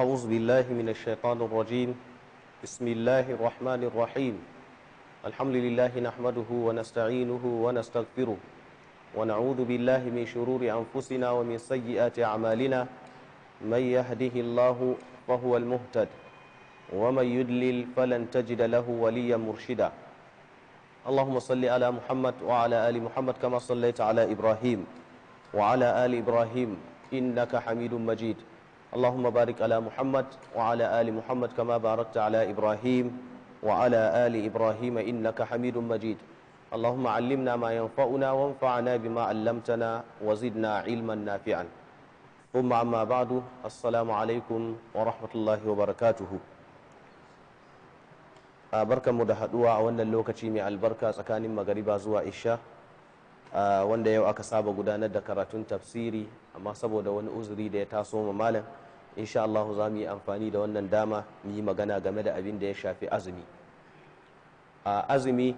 أعوذ بالله من الشيطان الرجيم بسم الله الرحمن الرحيم الحمد لله نحمده ونستعينه ونستغفره ونعوذ بالله من شرور أنفسنا ومن سيئات أعمالنا من يهده الله فهو المهتد ومن يدلل فلن تجد له وليا مرشدا اللهم صل على محمد وعلى آل محمد كما صليت على إبراهيم وعلى آل إبراهيم إنك حميد مجيد اللهم بارك على محمد وعلى آل محمد كما باركت على إبراهيم وعلى آل إبراهيم إنك حميد مجيد اللهم علمنا ما ينفعنا وانفعنا بما علمتنا وزدنا علما نافعا ثم أما بعد السلام عليكم ورحمة الله وبركاته barkanmu da haduwa a wannan lokaci mai albarka tsakanin magariba zuwa isha wanda yau aka saba gudanar da karatun tafsiri amma saboda wani uzuri da ya taso ma malam insha Allah za mu yi amfani da wannan dama mu yi magana game da abin da ya shafi azumi a azumi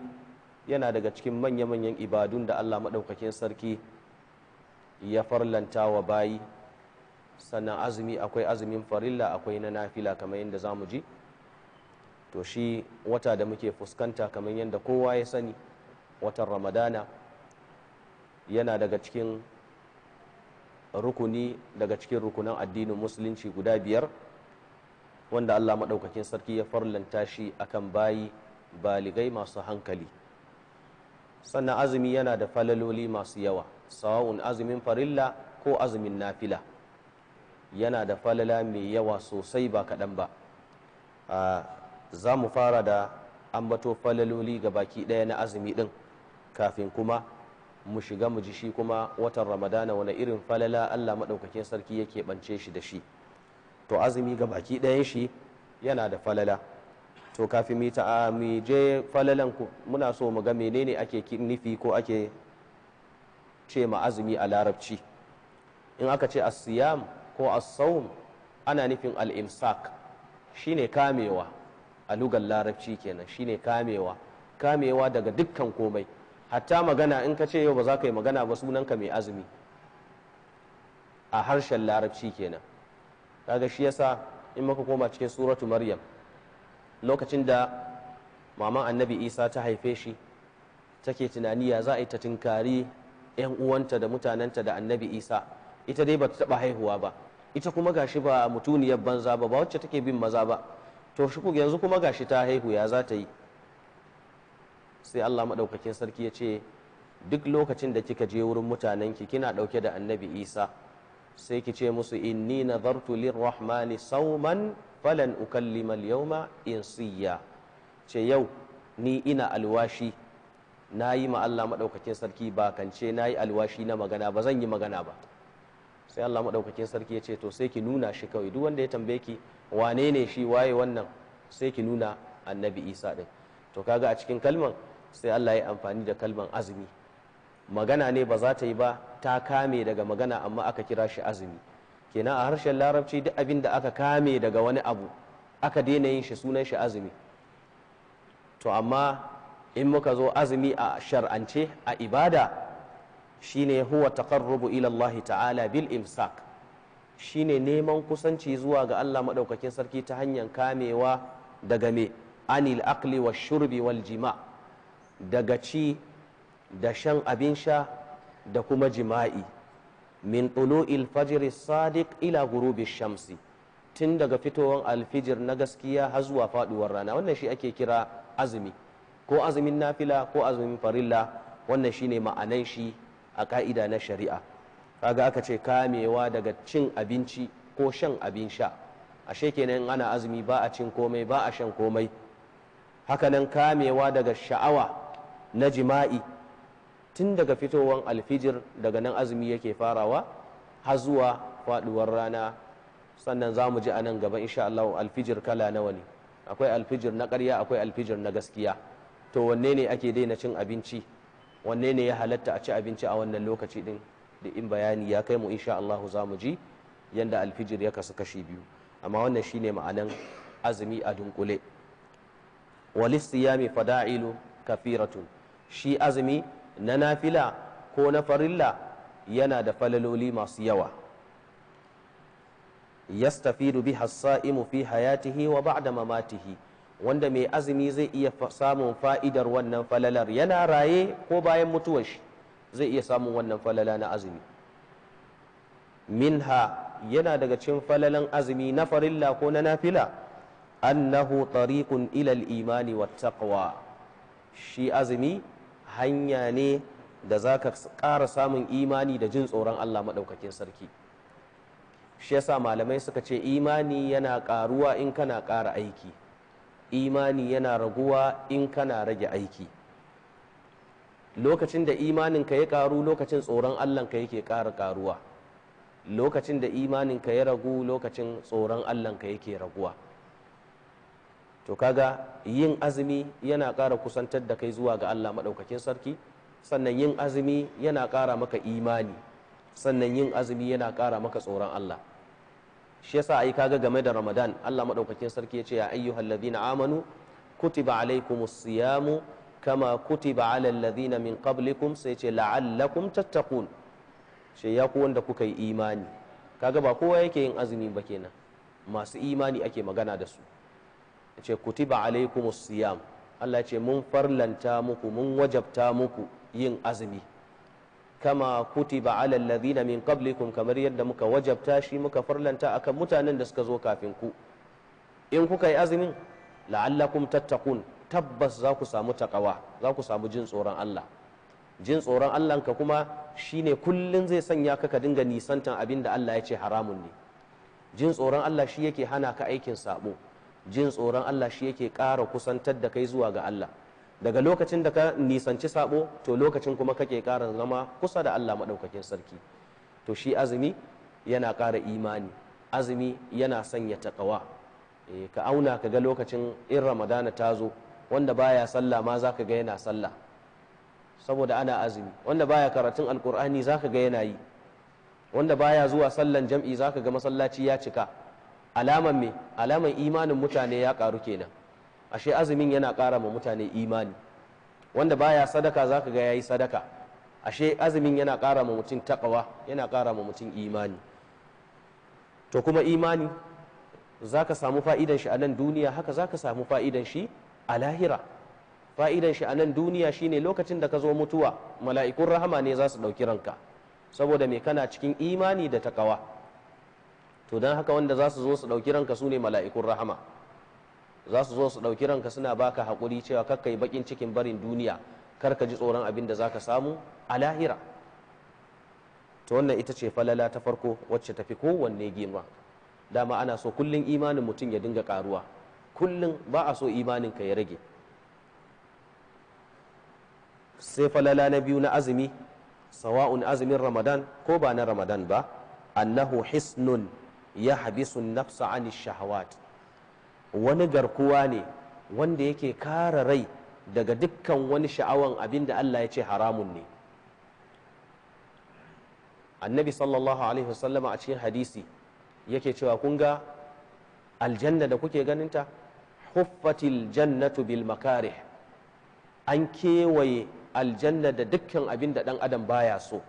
yana daga cikin manya-manyan ibadun da Allah maɗaukakin sarki ya farlanta wa bayi sannan azumi akwai azumin farilla akwai na nafila kamar yadda za mu ji to shi wata da muke fuskanta kamar yadda kowa ya sani watan ramadana yana daga cikin rukuni daga cikin rukunan addinin musulunci guda biyar wanda Allah maɗaukakin sarki ya farlanta shi akan bayi baligai masu hankali sannan azumi yana da falaloli masu yawa sawa'un azumin farilla ko azumin nafila yana da falala mai yawa sosai ba kaɗan ba za mu fara da ambato falaloli ga baki ɗaya na azumi ɗin kafin kuma mu shiga mu ji shi kuma watan ramadana wani irin falala allah maɗaukakin sarki yake ɓance shi da shi to azumi ga baki ɗayan shi yana da falala to kafin mita ta mije je falalan muna so mu ga menene ake nufi ko ake ce ma azumi a larabci in aka ce asiyam ko asawun ana nufin al-imsak shine kamewa a lugar larabci kenan shine kamewa kamewa daga dukkan komai hatta magana in ka ce yau ba za ka yi magana ba sunanka mai azumi a harshen larabci kenan kaga shi yasa in maka koma cikin suratu maryam lokacin da maman annabi isa ta haife shi take tunani ya za a yi ta tinkari 'yan uwanta da mutanenta da annabi isa ita dai ba ta taɓa haihuwa ba ita kuma gashi ba mutuniyar banza ba ba wacce take bin maza ba to shi yanzu kuma gashi ta haihu ya za ta yi sai Allah maɗaukakin sarki ya ce duk lokacin da kika je wurin mutanenki kina ɗauke da annabi isa sai ki ce musu inni nazartu rahmani sauman falan ukallimal yauma in siya. ce yau ni ina alwashi na yi ma Allah maɗaukakin sarki ba kance na yi alwashi na magana ba zan yi magana ba sai Allah maɗaukakin sarki ya ce to sai ki nuna shi kawai duk wanda ya tambaye ki wane ne shi waye wannan sai ki nuna annabi isa ɗin to kaga a cikin kalman sai Allah ya amfani da kalban azumi magana ne ba za ta yi ba ta kame daga magana amma aka kira shi azumi kenan a harshen larabci duk abin da aka kame daga wani abu aka daina yin shi sunan shi azumi to amma in muka zo azumi a shar'ance a ibada shine huwa taqarrubu ila Allah ta'ala bil imsak shine neman kusanci zuwa ga Allah madaukakin sarki ta hanyar kamewa daga me anil aqli wash shurbi wal jima' daga ci da shan abin sha da kuma jima'i min tulu'il fajr sadiq ila gurubi shamsi tun daga fitowar alfijir na gaskiya har zuwa faɗuwar rana wannan shi ake kira azumi ko azumin nafila ko azumin farilla wannan shi ne ma'anan shi a ka'ida na shari'a kaga aka ce kamewa daga cin abinci ko shan abin sha ashe kenan ana azumi ba a cin komai ba a shan komai hakanan kamewa daga sha'awa na jima'i tun daga fitowar alfijir daga nan azumi yake farawa har zuwa faduwar rana sannan za mu ji a nan gaba insha Allah alfijir kala nawa ne akwai alfijir na ƙarya akwai alfijir na gaskiya to wanne ne ake daina cin abinci wanne ne ya halatta a ci abinci a wannan lokaci din da in bayani ya kai mu insha Allah za mu ji yanda alfijir ya kasu kashi biyu amma wannan shine ma'anan azumi a dunkule walisiyami fada'ilu kafiratun shi azumi na nafila ko na farilla yana da falaloli masu yawa yastafidu biha as fi hayatihi wa ba'da mamatihi wanda mai azumi zai iya samun fa'idar wannan falalar yana raye ko bayan mutuwar shi zai iya samun wannan falala na azumi minha yana daga cikin falalan azumi na farilla ko na nafila annahu tariqun ilal imani wat taqwa shi azumi hanya ne da za ka ƙara samun imani da jin tsoron Allah maɗaukakin sarki shi yasa malamai suka ce imani yana ƙaruwa in kana ƙara aiki imani yana raguwa in kana rage aiki lokacin da imaninka ya ƙaru lokacin tsoron Allahnka yake ƙara ƙaruwa lokacin da imaninka ya ragu lokacin tsoron Allahnka yake raguwa to kaga yin azumi yana ƙara kusantar da kai zuwa ga Allah maɗaukakin sarki sannan yin azumi yana ƙara maka imani sannan yin azumi yana ƙara maka tsoron Allah shi yasa ai kaga game da Ramadan Allah maɗaukakin sarki ya ce ya ayyuhal ladina amanu kutiba alaikumus siyamu kama kutiba alal ladina min qablikum sai ce la'allakum tattaqun shi ya ku wanda kuka yi imani kaga ba kowa yake yin azumi ba kenan masu imani ake magana da su ce kutiba alaikumus siyam Allah ce mun farlanta muku mun wajabta muku yin azumi kama kutiba alal ladina min qablikum kamar yadda muka wajabta shi muka farlanta akan mutanen da suka zo kafin ku in kuka yi azumin la'allakum tattaqun tabbas za ku samu takawa za ku samu jin tsoron Allah jin tsoron Allah ka kuma shine kullun zai sanya ka ka dinga nisantan abin da Allah ya ce haramun ne jin tsoron Allah shi yake hana ka aikin sabo jin tsoron Allah shi yake ƙara kusantar da kai zuwa ga Allah daga lokacin da ka nisanci sabo to lokacin kuma kake ƙara zama kusa da Allah maɗaukakin sarki to shi azumi yana ƙara imani azumi yana sanya taƙawa e, ka auna ka ga lokacin in ramadana ta zo wanda baya sallah ma za ka ga yana sallah saboda ana azumi wanda baya karatun alkur'ani za ka ga yana yi wanda baya zuwa sallan jam'i za ka ga masallaci ya cika alaman me alaman imanin mutane ya karu kenan ashe azumin yana kara ma mutane imani wanda baya sadaka za ka ga ya yi sadaka ashe azumin yana kara ma mutum takawa yana kara ma mutum imani to kuma imani za ka samu fa'idan shi a nan duniya haka za ka samu fa'idan shi a lahira fa'idan shi a nan duniya shine lokacin da ka zo mutuwa mala'ikun rahama ne za su ɗauki ranka saboda me kana cikin imani da takawa to don haka wanda za su zo su ɗauki ranka su ne mala'ikun rahama za su zo su ɗauki ranka suna baka haƙuri cewa kakka yi baƙin cikin barin duniya kar ka ji tsoron abin da za ka samu a lahira to wannan ita ce falala ta farko wacce tafi kowanne girma dama ana so kullum imanin mutum ya dinga ƙaruwa kullum ba a so imanin ka ya rage sai falala na biyu na azumi sawa'un azumin ramadan ko ba na ramadan ba annahu hisnun ya habisu nafsa ani shahawat wani garkuwa ne wanda yake kara rai daga dukkan wani sha'awan abinda Allah ya ce haramun ne annabi sallallahu alaihi wasallama a cikin hadisi yake cewa kun ga aljanna da kuke ganinta huffatil jannatu bil makarih an kewaye aljanna da dukkan abinda da dan adam baya so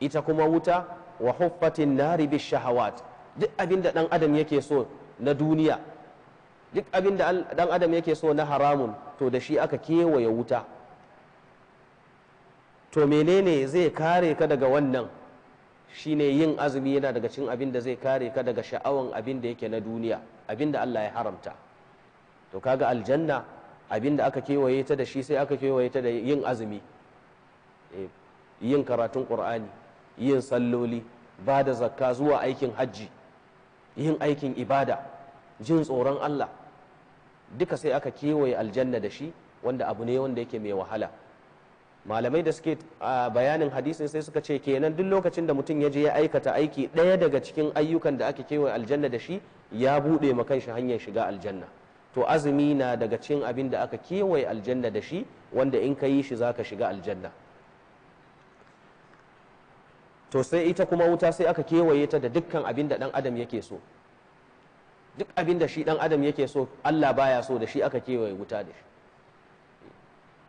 ita kuma wuta wa huffatin nari bi shahawat duk abin da dan adam yake so na duniya duk abin da dan adam yake so na haramun to da shi aka kewaye wuta to menene zai kare ka daga wannan shine yin azumi yana daga cin abin da zai kare ka daga sha'awan abin da yake na duniya abin da Allah ya haramta to kaga aljanna abin da aka kewaye ta da shi sai aka kewaye ta da yin azumi eh, yin karatun qur'ani yin salloli ba da zakka zuwa aikin hajji yin aikin ibada jin tsoron Allah duka sai aka kewaye aljanna da shi wanda abu ne wanda yake mai wahala malamai da suke a bayanin hadisin sai suka ce kenan duk lokacin da mutum ya je ya aikata aiki ɗaya daga cikin ayyukan da ake kewaye aljanna da shi ya buɗe ma kanshi hanyar shiga aljanna to azumi na daga cikin abin da aka kewaye aljanna da shi wanda in ka yi shi za ka shiga aljanna to sai ita kuma wuta sai aka kewaye ta da dukkan abin da dan adam yake so duk abin da shi dan adam yake so Allah baya so da shi aka kewaye wuta da shi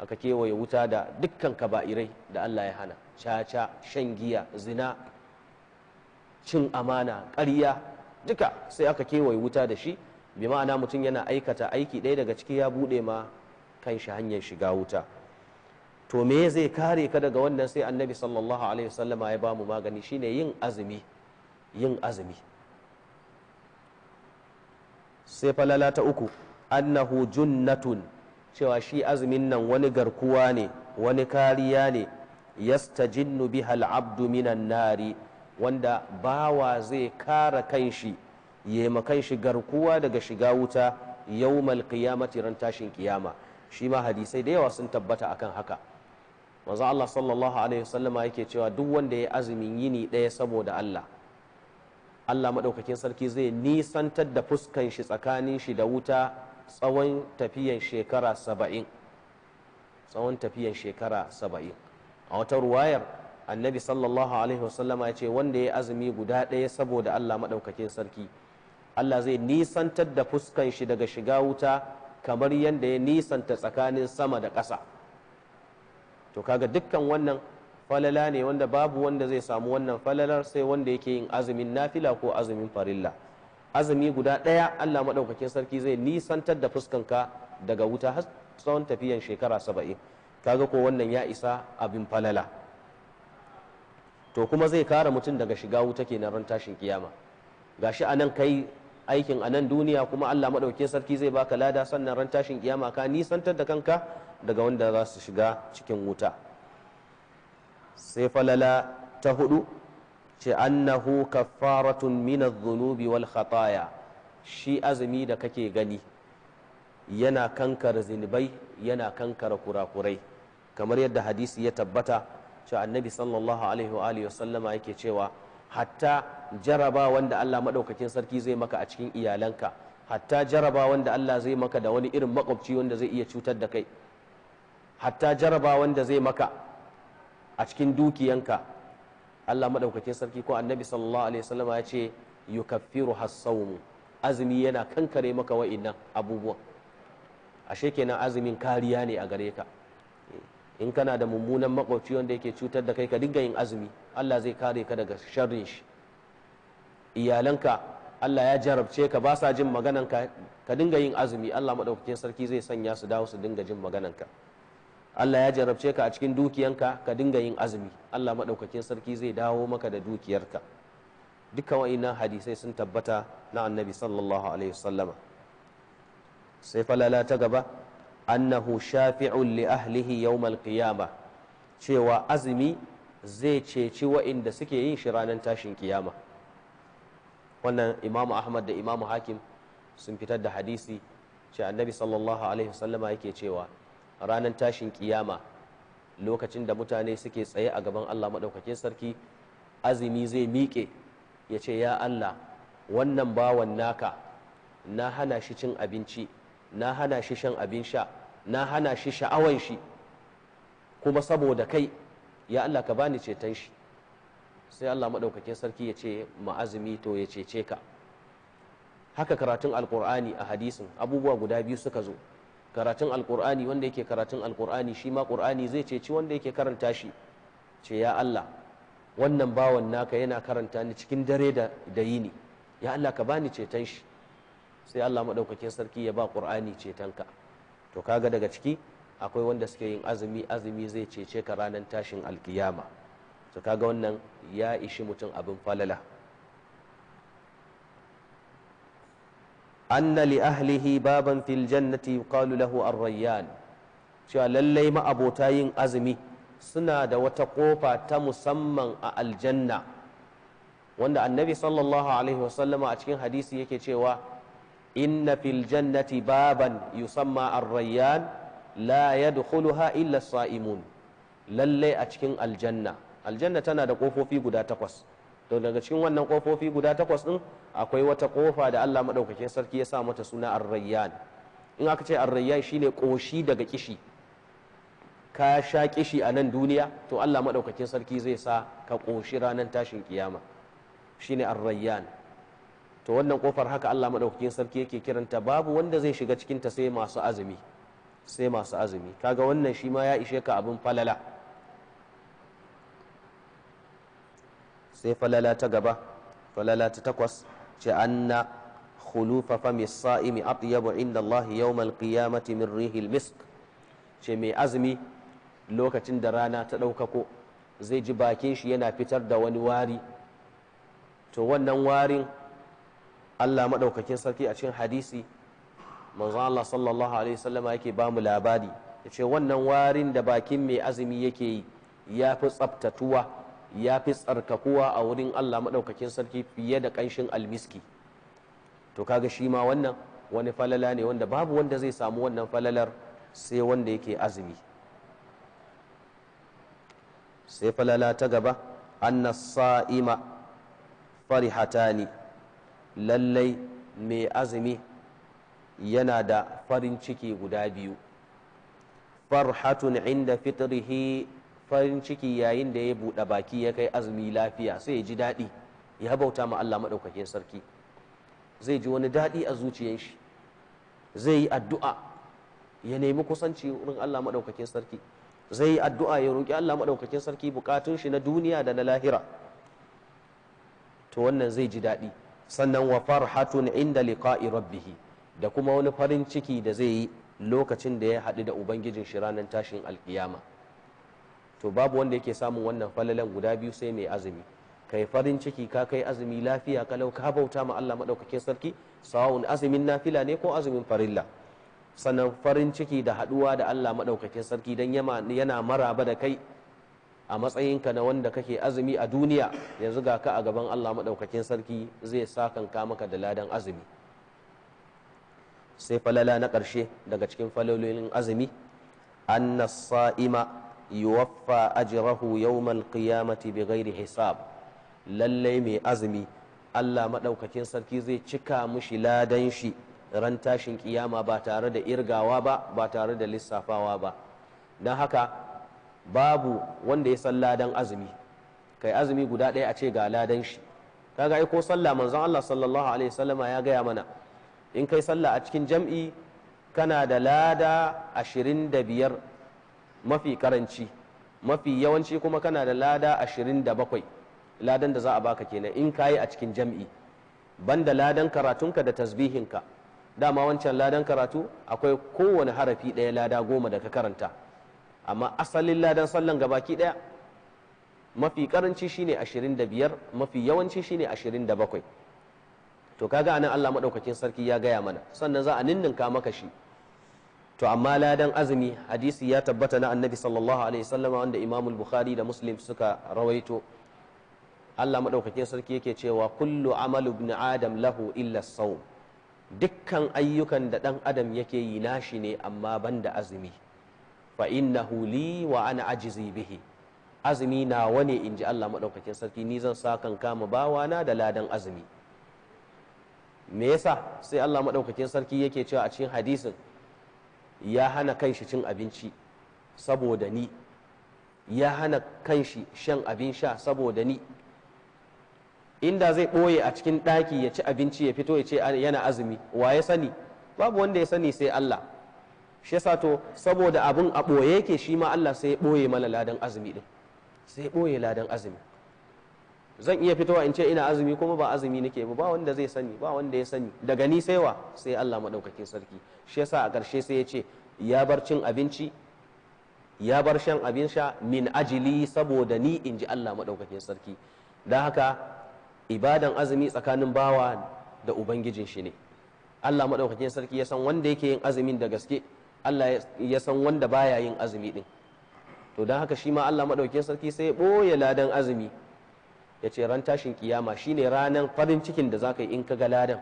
aka kewaye wuta da dukkan kaba'irai da Allah ya hana caca shan giya zina cin amana ƙarya duka sai aka kewaye wuta da shi bi ma'ana mutum yana aikata aiki ɗaya daga ciki ya buɗe ma kan shi hanyar shiga wuta to me zai kare ka daga wannan sai annabi sallallahu alaihi wasallama ya bamu magani shine yin azumi yin azumi sai falala ta uku annahu junnatun cewa shi azumin nan wani garkuwa ne wani kariya ne yastajinnu biha al'abdu minan nari wanda bawa zai kara kanshi yema kanshi garkuwa daga shiga wuta yawmal qiyamati ran tashin kiyama shi ma hadisai da yawa sun tabbata akan haka manzo Allah sallallahu alaihi wasallama yake cewa duk wanda ya azumin yini ɗaya saboda Allah Allah maɗaukakin sarki zai nisantar da fuskan shi tsakanin shi da wuta tsawon tafiyan shekara saba'in tsawon tafiyan shekara saba'in a wata ruwayar annabi sallallahu alaihi wasallama ya ce wanda ya azumi guda ɗaya saboda Allah maɗaukakin sarki Allah zai nisantar da fuskan shi daga shiga wuta kamar yadda ya nisanta tsakanin sama da ƙasa to kaga dukkan wannan falala ne wanda babu wanda zai samu wannan falalar sai wanda yake yin azumin nafila ko azumin farilla azumi guda ɗaya Allah maɗaukakin sarki zai nisantar da fuskanka daga wuta har tsawon tafiyan shekara saba'in kaga ko wannan ya isa abin falala to kuma zai kare mutum daga shiga wuta kenan ran tashin kiyama gashi anan kai aikin anan duniya kuma Allah maɗaukakin sarki zai baka lada sannan ran tashin kiyama ka nisantar da kanka daga wanda za su shiga cikin wuta sai falala ta hudu ce annahu kaffaratun mina zunubi wal khataya shi azumi da kake gani yana kankara zinubai yana kankara kurakurai kamar yadda hadisi ya tabbata ce annabi sallallahu alaihi wa alihi wasallama yake cewa hatta jaraba wanda Allah madaukakin sarki zai maka a cikin iyalanka hatta jaraba wanda Allah zai maka da wani irin makwabci wanda zai iya cutar da kai hatta jaraba wanda zai maka a cikin dukiyanka Allah madaukakin sarki ko annabi sallallahu alaihi wasallam ya ce yukaffiru hasawm azumi yana kankare maka wa'innan abubuwan ashe kenan azumin kariya ne a gare ka in kana da mummunan makwabci wanda yake cutar da kai ka dinga yin azumi Allah zai kare ka daga sharrin shi iyalanka Allah ya jarabce ka ba sa jin magananka ka dinga yin azumi Allah maɗaukakin sarki zai sanya su dawo su dinga jin maganan ka Allah ya jarabce ka a cikin dukiyanka ka dinga yin azumi Allah maɗaukakin sarki zai dawo maka da dukiyarka dukkan wa'innan hadisai sun tabbata na annabi sallallahu alaihi wasallama sai falala ta gaba annahu shafi'un li ahlihi yawmal qiyama cewa azumi zai ceci wa'inda suke yin shi ranar tashin kiyama wannan imamu ahmad da imamu hakim sun fitar da hadisi ce annabi sallallahu alaihi wasallama yake cewa ranar tashin kiyama lokacin da mutane suke tsaye a gaban Allah maɗaukakin sarki azumi zai miƙe ya ce ya Allah wannan bawan naka na hana shi cin abinci na hana shi shan abin sha na hana shi sha'awan shi kuma saboda kai ya Allah ka bani ceton shi sai Allah maɗaukakin sarki ya ce ma'azumi to ya cece ka haka karatun alkur'ani a hadisin abubuwa guda biyu suka zo karatun alkur'ani wanda yake karatun alkur'ani shi ma kur'ani zai ceci wanda yake karanta shi ce ya Allah wannan bawan naka yana karanta ni cikin dare da da yini ya Allah ka bani ceton shi sai Allah maɗaukakin sarki ya ba qur'ani ka to kaga daga ciki akwai wanda suke yin azumi azumi zai cece ka ranar tashin alkiyama to kaga wannan ya ishi mutum abin falala anna li ahlihi baban filjannati jannati lahu ar-rayyan cewa lallai ma'abota yin azumi suna da wata ƙofa ta musamman a aljanna wanda annabi sallallahu alaihi wasallama a cikin hadisi yake cewa inna fil jannati baban yusamma ar-rayyan la yadkhuluha illa sa'imun lallai a cikin aljanna aljanna tana da ƙofofi guda takwas to daga cikin wannan kofofi guda takwas din akwai wata kofa da Allah maɗaukakin sarki ya sa mata suna ar-rayyan in aka ce ar-rayyan shine koshi daga kishi ka sha kishi a nan duniya to Allah maɗaukakin sarki zai sa ka koshi ranar tashin kiyama shine ar to wannan kofar haka Allah maɗaukakin sarki yake kiranta babu wanda zai shiga cikin ta sai masu azumi sai masu azumi kaga wannan shi ma ya ishe ka abin falala sai falala ta gaba falala ta takwas ce anna khulufa fami sa'imi atyabu inda Allah yawmal qiyamati min rihil misk ce mai azumi lokacin da rana ta ɗaukako zai ji bakin shi yana fitar da wani wari to wannan warin Allah maɗaukakin sarki a cikin hadisi manzo Allah sallallahu alaihi wasallama yake ba mu labari ya ce wannan warin da bakin mai azumi yake yi ya fi tsaftatuwa ya fi tsarkakuwa a wurin Allah maɗaukakin sarki fiye da ƙanshin almiski to kaga shi ma wannan wani falala ne wanda babu wanda zai samu wannan falalar sai wanda yake azumi sai falala ta gaba anna sa'ima farihatani lallai mai azumi yana da farin ciki guda biyu farhatun inda fitrihi farin ciki yayin da ya buɗe baki ya kai azumi lafiya sai ya ji daɗi ya bauta ma Allah maɗaukakin sarki zai ji wani daɗi a zuciyar shi zai yi addu'a ya nemi kusanci wurin Allah maɗaukakin sarki zai yi addu'a ya roƙi Allah maɗaukakin sarki buƙatun shi na duniya da na lahira to wannan zai ji daɗi sannan wa farhatun inda liqa'i rabbihi da kuma wani farin ciki da zai yi lokacin da ya haɗu da ubangijin shi ranar tashin alkiyama to babu wanda yake samun wannan falalan guda biyu sai mai azumi kai farin ciki ka kai azumi lafiya kalau ka bauta ma Allah madaukakin sarki sawun azumin nafila ne ko azumin farilla sanan farin ciki da haduwa da Allah madaukakin sarki dan yana maraba da kai a matsayinka na wanda kake azumi a duniya yanzu ga ka a gaban Allah madaukakin sarki zai ka maka da ladan azumi sai falala na ƙarshe daga cikin falalolin azumi annas sa'ima yuwaffa ajrahu yawmal qiyamati bighairi hisab lalle mai azumi Allah madaukakin sarki zai cika mushi ladan shi ran tashin kiyama ba tare da irgawa ba ba tare da lissafawa ba na haka babu wanda ya san ladan azumi kai azumi guda ɗaya a ce ga ladan shi kaga ai ko sallah manzon Allah sallallahu alaihi wasallama ya gaya mana in kai sallah a cikin jam'i kana da lada ashirin da biyar mafi karanci mafi yawanci kuma kana da lada 27 ladan da za a baka kenan in kayi a cikin jam'i banda ladan karatunka da tasbihinka dama wancan ladan karatu akwai kowane harafi ɗaya lada goma da ka karanta amma asalin ladan sallan gabaki ɗaya mafi karanci shine 25 mafi yawanci shine 27 to kaga anan Allah madaukakin sarki ya gaya mana sannan za a ninninka maka shi to amma ladan azumi hadisi ya tabbata na annabi sallallahu alaihi wasallam wanda imamu bukhari da muslim suka rawaito Allah madaukakin sarki yake cewa kullu amalu ibn adam lahu illa sawm dukkan ayyukan da dan adam yake yi nashi ne amma banda azumi fa innahu li wa ana ajizi bihi azumi nawa ne inji Allah madaukakin sarki ni zan sa kan kama bawana da ladan azumi me yasa sai Allah madaukakin sarki yake cewa a cikin hadisin ya hana kanshi cin abinci saboda ni ya hana kan shi shan abin sha saboda ni inda zai ɓoye a cikin ɗaki ya ci abinci ya fito ya ce yana azumi wa ya sani babu wanda ya sani sai Allah shi yasa to saboda abin a ɓoye yake shi ma Allah sai ya ɓoye mana ladan azumi ɗin sai ya ɓoye ladan azumi zan iya fitowa in ce ina azumi kuma ba azumi nake ba ba wanda zai sani ba wanda ya sani daga ni saiwa sai Allah madaukakin sarki shi yasa a ƙarshe sai ya ce ya bar cin abinci ya bar shan abin sha min ajili saboda ni in ji Allah madaukakin sarki don haka ibadan azumi tsakanin bawa da ubangijin shi ne Allah madaukakin sarki ya san wanda yake yin azumin da gaske Allah ya san wanda baya yin azumi din to don haka shi ma Allah madaukakin sarki sai ya ɓoye ladan azumi ya ce ran tashin kiyama shine ranar farin cikin da za ka yi in ka ga ladan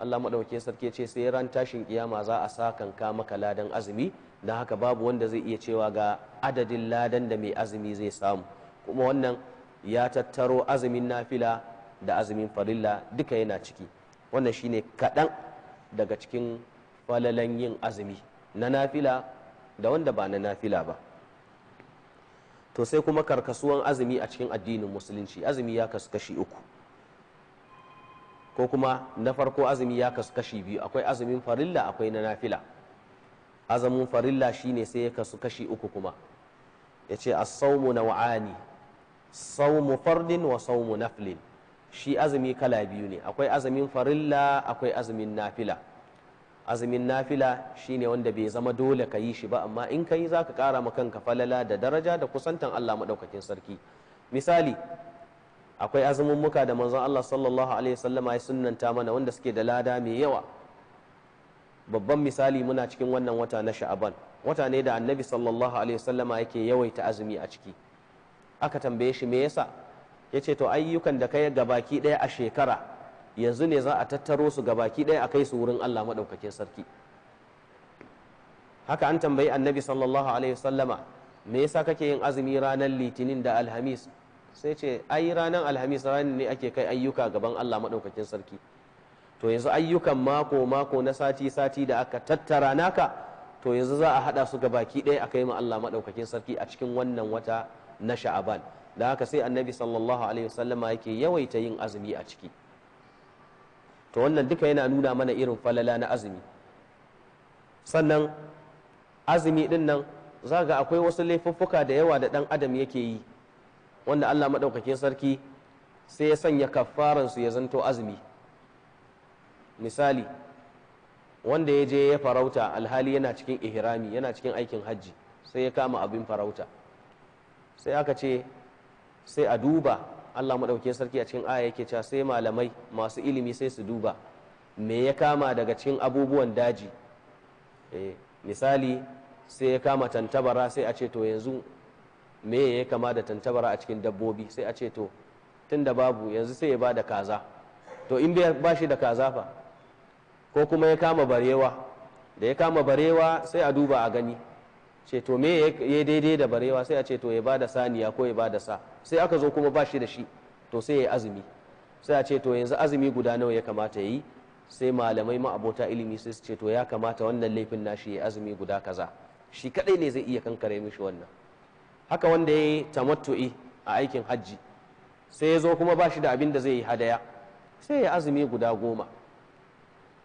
Allah maɗauke sarki ce sai ran tashin kiyama za a sa kanka maka ladan azumi don haka babu wanda zai iya cewa ga adadin ladan da mai azumi zai samu kuma wannan ya tattaro azumin nafila da azumin farilla duka yana ciki wannan shine kaɗan daga cikin falalan yin azumi na nafila da wanda ba na nafila ba to sai kuma karkasuwan azumi a cikin addinin musulunci azumi ya kasu kashi uku ko kuma na farko azumi ya kasu kashi biyu akwai azumin farilla akwai na nafila azumin farilla shine sai ya kasu kashi uku kuma ya ce as-sawmu naw'ani sawmu fardin wa sawmu naflin shi azumi kala biyu ne akwai azumin farilla akwai azumin nafila azumin nafila ne wanda bai zama dole ka yi shi ba amma in ka yi za ka kara ma kanka falala da daraja da kusantan Allah maɗaukakin sarki misali akwai azumin muka da manzon Allah sallallahu alaihi wasallama ya sunnanta mana wanda suke da lada mai yawa babban misali muna cikin wannan wata na sha'aban wata ne da annabi sallallahu alaihi wasallama yake yawaita azumi a ciki aka tambaye shi me yasa ce to ayyukan da kai gabaki ɗaya a shekara yanzu ne za a tattaro su ga baki ɗaya a kai su wurin Allah maɗaukakin sarki haka an tambayi annabi sallallahu alaihi wasallama me yasa kake yin azumi ranar litinin da alhamis sai ce ai ranar alhamis ranar ne ake kai ayyuka gaban Allah maɗaukakin sarki to yanzu ayyukan mako mako na sati sati da aka tattara naka to yanzu za a haɗa su ga baki ɗaya a kai ma Allah maɗaukakin sarki a cikin wannan wata na sha'aban da haka sai annabi sallallahu alaihi wasallama yake yawaita yin azumi a ciki to wannan duka yana nuna mana irin falala na azumi sannan azumi din nan za ga akwai wasu laifuffuka da yawa da dan adam yake yi wanda allah maɗaukakin sarki sai ya sanya su ya zanto azumi misali wanda ya je ya farauta alhali yana cikin ihrami yana cikin aikin hajji sai ya kama abin farauta sai aka ce sai a duba Allah madaukakin sarki a cikin aya yake cewa sai malamai masu ilimi sai su duba me ya kama daga cikin abubuwan daji eh, misali sai ya kama tantabara sai a ce to yanzu me ya kama da tantabara a cikin dabbobi sai a ce to tun da babu yanzu sai ya ba da kaza to in bai ba shi da kaza fa ko kuma ya kama barewa da ya kama barewa sai a duba a gani ce to me ya daidai da barewa sai a ce to ya ba da saniya ko ya ba da sa sai aka zo kuma ba shi da shi to sai ya yi azumi sai a ce to yanzu azumi guda nawa ya kamata ya yi sai malamai ma'abota ilimi sai su ce to ya kamata wannan laifin nashi ya azumi guda kaza shi kadai ne zai iya kankare mishi wannan haka wanda ya yi tamattu'i a aikin hajji sai ya zo kuma ba shi da abin da zai yi hadaya sai ya azumi guda goma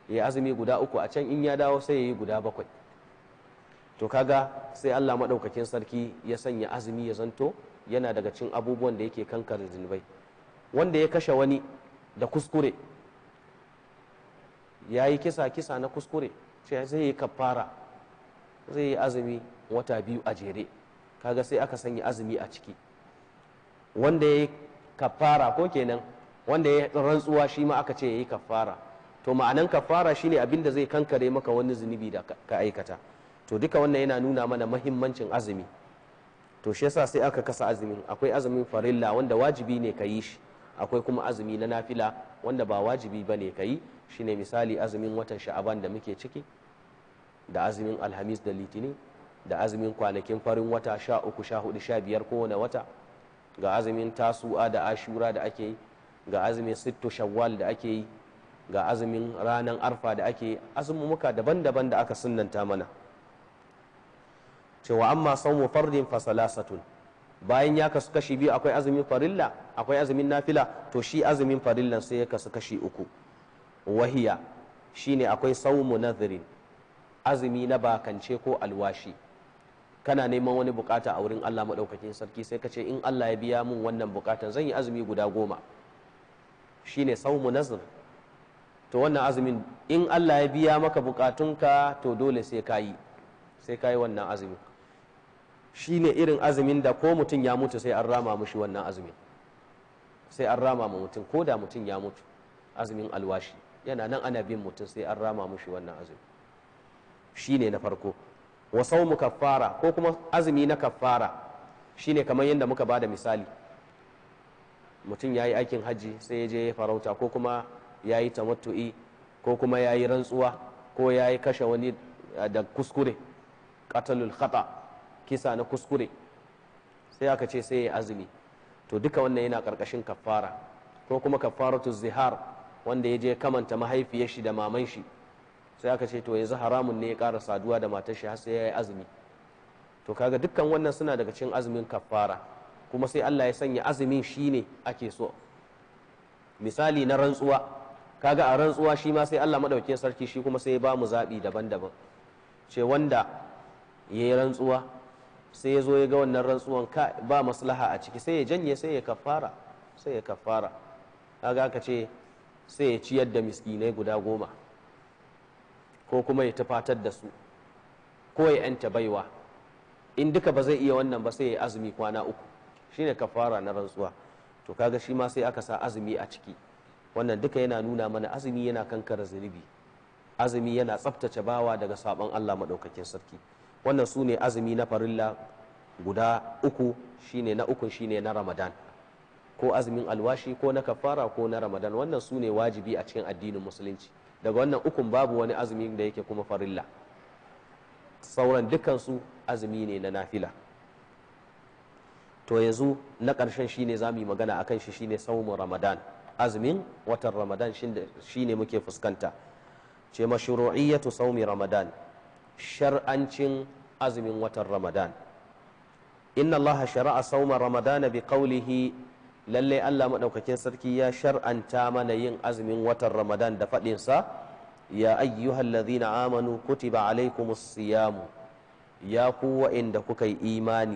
ya azumi guda uku a can in ya dawo sai ya yi guda bakwai to kaga sai allah maɗaukakin sarki ya sanya azumi ya zanto yana daga cin abubuwan da yake kankare zunubai wanda ya kashe wani da kuskure ya yi kisa kisa na kuskure sai zai yi kafara zai yi azumi wata biyu a jere kaga sai aka sanya azumi a ciki wanda ya yi kafara ko kenan wanda ya yi rantsuwa shi ma aka ce ya yi kafara to ma'anan kafara shine abin da zai kankare maka wani zunubi da ka aikata to duka wannan yana nuna mana mahimmancin azumi to shi yasa sai aka kasa azumin akwai azumin farilla wanda wajibi ne ka yi shi akwai kuma azumi na nafila wanda ba wajibi ba ne ka yi ne misali azumin watan sha'aban da muke ciki da azumin alhamis da litinin da azumin kwanakin farin wata sha uku sha hudu sha biyar kowane wata ga azumin tasu'a da ashura da ake yi ga azumin sittu shawwal da ake yi ga azumin ranar arfa da ake yi azumumuka daban-daban da aka sunnanta mana cewa amma saumu fardin fa salasatun bayan ya kasu kashi biyu akwai azumin farilla akwai azumin nafila to shi azumin farillan sai ya kasu kashi uku wahiya shine akwai saumu nadhirin azumi na bakance ko alwashi kana neman wani bukata a wurin Allah maɗaukakin sarki sai ka ce in Allah ya biya mun wannan bukatan zan yi azumi guda goma shine saumu nazir to wannan azumin in Allah ya biya maka bukatunka to dole sai ka yi sai ka wannan azumin shine irin azumin da ko mutum ya mutu sai an rama mushi wannan azumin sai an rama ma mutum ko da mutum ya mutu azumin alwashi yana nan ana bin mutum sai an rama mushi wannan azumi shine na farko wa saumu kaffara ko kuma azumi na kaffara shine kamar yadda muka bada misali mutum ya yi aikin hajji sai ya je farauta ko kuma ya yi tamattu'i ko kuma ya yi rantsuwa ko ya yi kashe wani eh, da kuskure katalul khata kisa na kuskure sai aka ce sai ya azumi to duka wannan yana karkashin kafara ko kuma kafaratu zihar wanda ya je kamanta mahaifiyar shi da maman shi sai aka ce to yanzu haramun ne ya kara saduwa da matar shi har sai ya yi azumi to kaga dukkan wannan suna daga cikin azumin kafara kuma sai Allah ya sanya azumin shine ake so misali na rantsuwa kaga a rantsuwa shi ma sai Allah madaukakin sarki shi kuma sai ya ba mu zabi daban-daban ce wanda ya yi rantsuwa sai ya zo ya ga wannan rantsuwan ka ba maslaha a ciki sai ya janye sai ya kafara sai ya kafara kaga aka ce sai ya ciyar da miskinai guda goma ko kuma ya tafatar da su ko ya yanta baiwa in duka ba zai iya wannan ba sai ya azumi kwana uku shine kafara na rantsuwa to kaga shi ma sai aka sa azumi a ciki wannan duka yana nuna mana azumi yana kankara zunubi azumi yana tsaftace bawa daga sabon Allah maɗaukakin sarki wannan su ne azumi na farilla guda uku shine na uku shine na ramadan ko azumin alwashi ko na kafara ko na ramadan wannan su ne wajibi a cikin addinin musulunci daga wannan ukun babu wani azumi da yake kuma farilla sauran dukansu azumi ne na nafila to yanzu na ƙarshen shine za mu yi magana akan shi shine saumin ramadan azumin watan ramadan shine muke fuskanta ce mashru'iyyatu saumi ramadan shar'ancin azumin watan ramadan inna Allah shara'a sauma ramadana bi lallai Allah maɗaukakin sarki ya shar'anta mana yin azumin watan ramadan da fadin sa ya ayyuhallazina amanu kutiba alaikumus siyamu ya ku wa'inda kuka yi imani